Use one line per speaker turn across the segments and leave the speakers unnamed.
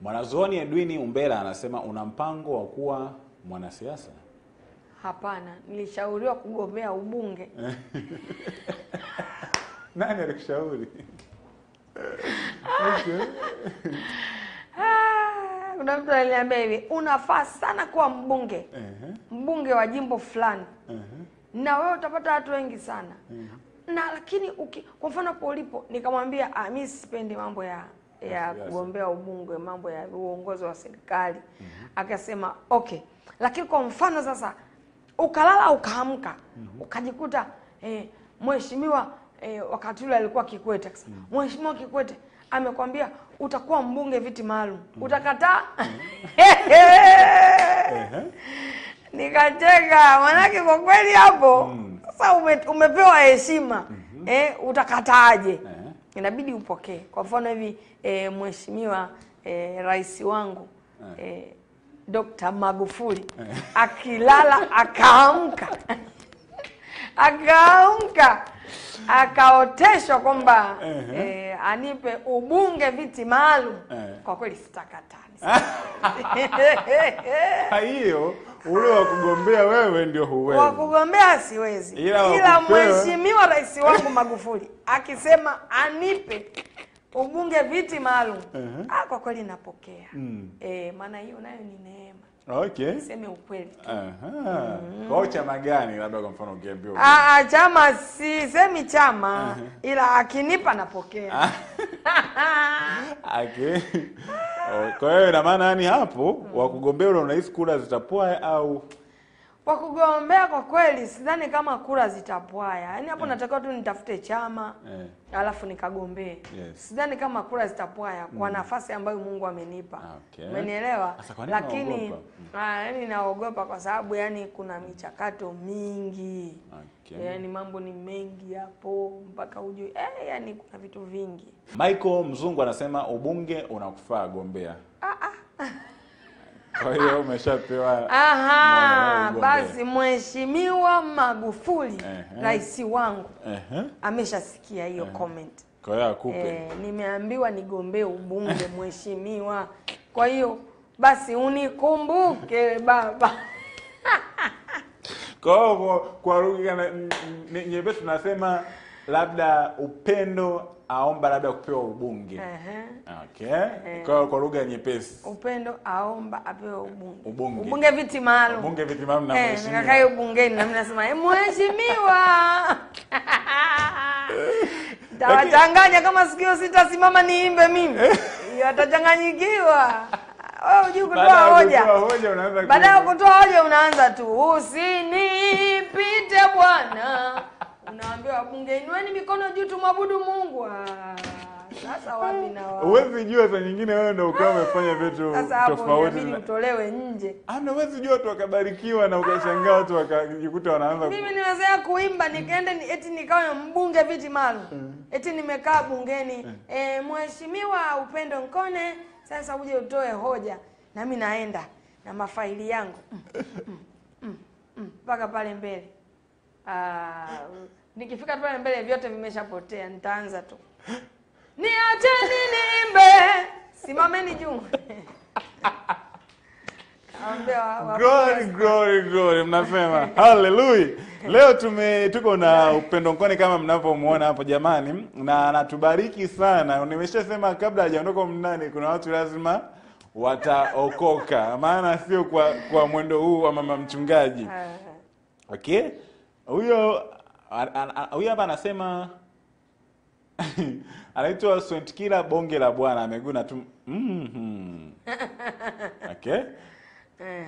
Mwanazuoni Edwini Umbela anasema una mpango wa kuwa mwanasiasa?
Hapana, nilishauriwa kugombea ubunge.
Nani alikushauri? Ah,
kuna mtu aliniambia hivi, unafaa sana kuwa mbunge uh -huh. mbunge wa jimbo fulani uh -huh. na wewe utapata watu wengi sana uh -huh. na lakini uki, kwa mfano ulipo, nikamwambia ah, mimi sipendi mambo ya ya kugombea ubunge, mambo ya uongozi wa serikali mm -hmm. Akasema okay, lakini kwa mfano sasa ukalala ukaamka mm -hmm. ukajikuta eh, mheshimiwa eh, wakati ule alikuwa Kikwete akasema mm -hmm. mheshimiwa Kikwete amekwambia utakuwa mbunge viti maalum mm -hmm. utakataa? mm -hmm. Nikacheka manake kwa kweli hapo mm -hmm. Sasa ume, umepewa heshima mm -hmm. eh, utakataaje? Eh inabidi upokee. Kwa mfano hivi e, mheshimiwa e, rais wangu e, eh. Dr. Magufuli akilala akaamka akaamka akaoteshwa kwamba uh -huh. E, anipe ubunge viti maalum uh -huh. Kwa kweli sitakataa
hiyo ule wa kugombea wewe ndio huwezi.
Wa kugombea siwezi, ila, ila mheshimiwa rais wangu Magufuli akisema anipe ubunge viti maalum uh ah, -huh. Kwa kweli napokea mm. E, maana hiyo nayo ni neema.
Okay. Niseme
ukweli. Aha.
Mm. Kwa chama gani labda kwa mfano ukiambiwa?
Ah, ah chama sisemi chama uh -huh. Ila akinipa napokea. Ah.
Okay. Kwa hiyo ina maana yani hapo wakugombea unahisi kura zitapoa au
kwa kugombea kwa kweli sidhani kama kura zitapwaya. Yaani hapo yeah. Natakiwa tu nitafute chama yeah. Alafu nikagombee yes. Sidhani kama kura zitapwaya kwa mm. nafasi ambayo Mungu amenipa ah, okay. lakini ah, yaani naogopa kwa sababu yani kuna michakato mingi okay. Yaani mambo ni mengi hapo mpaka ujue eh, yani kuna vitu vingi.
Michael Mzungu anasema ubunge unakufaa gombea. Ah, kwa hiyo umeshapewa.
Aha, basi mheshimiwa Magufuli rais wangu ameshasikia hiyo comment.
Kwa hiyo akupe. Eh,
nimeambiwa nigombee ubunge mheshimiwa. Kwa hiyo basi unikumbuke baba.
Kwa hiyo kwa lugha nyepesi tunasema labda upendo aomba labda kupewa ubunge. uh -huh. Okay. uh -huh. Kwa kwa lugha nyepesi
upendo aomba apewe ubunge, ubunge, ubunge viti maalum, ubunge
viti maalum na eh, mheshimiwa nikakaa
ubungeni na mimi nasema eh, mheshimiwa tawachanganya kama sikio sitasimama niimbe mimi watachanganyikiwa. Wewe oh, unajua kutoa hoja,
baada ya kutoa hoja unaanza tu,
usinipite Bwana Haleluya, inueni mikono juu tumwabudu Mungu. Ah, sasa wapi na wapi?
Huwezi jua saa nyingine wewe ndio ukawa umefanya vitu
ah, tofauti. Mimi nitolewe nje.
Ana ah, huwezi jua watu wakabarikiwa na ukashangaa watu wakajikuta wanaanza. Mimi
niwezea kuimba nikaenda ni, eti nikawa mbunge viti maalum. Mm. Eti nimekaa bungeni. Mm. Eh, mheshimiwa Upendo Nkone, sasa uje utoe hoja. Na mimi naenda na mafaili yangu. Mpaka mm, mm, mm, mm. pale mbele. Ah, nikifika pale mbele vyote vimeshapotea, nitaanza tu niacheni niimbe, simameni juu
Glory, glory, glory. Mnasema haleluya. Leo tume tuko na Upendo Nkone kama mnavyomwona hapo jamani, na anatubariki sana. Nimeshasema kabla hajaondoka mnani, kuna watu lazima wataokoka, maana sio kwa kwa mwendo huu wa mama mchungaji. Eh. Okay, huyo Huyu hapa anasema anaitwa Swentkila bonge la bwana na tu mm -hmm. Okay.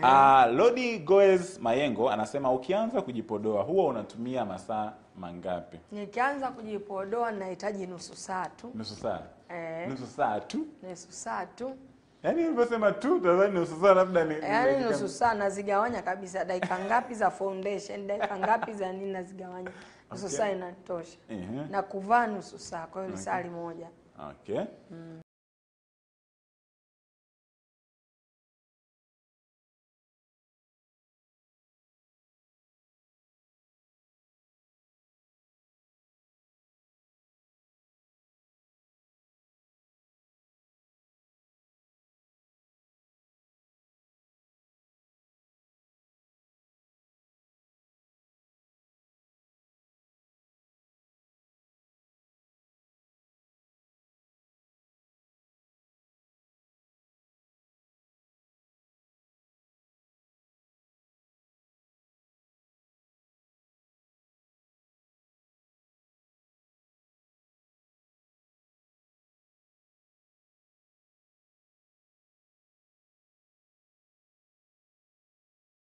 Uh, Lodi Goes Mayengo anasema ukianza kujipodoa huwa unatumia masaa mangapi?
Nikianza kujipodoa nahitaji nusu saa tu. Nusu saa. Eh. Nusu saa tu. Nusu saa tu.
Yaani ulivyosema tu tazani nusu saa labda ni
yaani nusu saa nazigawanya kabisa dakika ngapi za foundation, dakika ngapi za nini nazigawanya. Nusu okay. saa inatosha. Uh -huh. Na kuvaa nusu saa, kwa hiyo okay. saa moja.
Okay. Mm.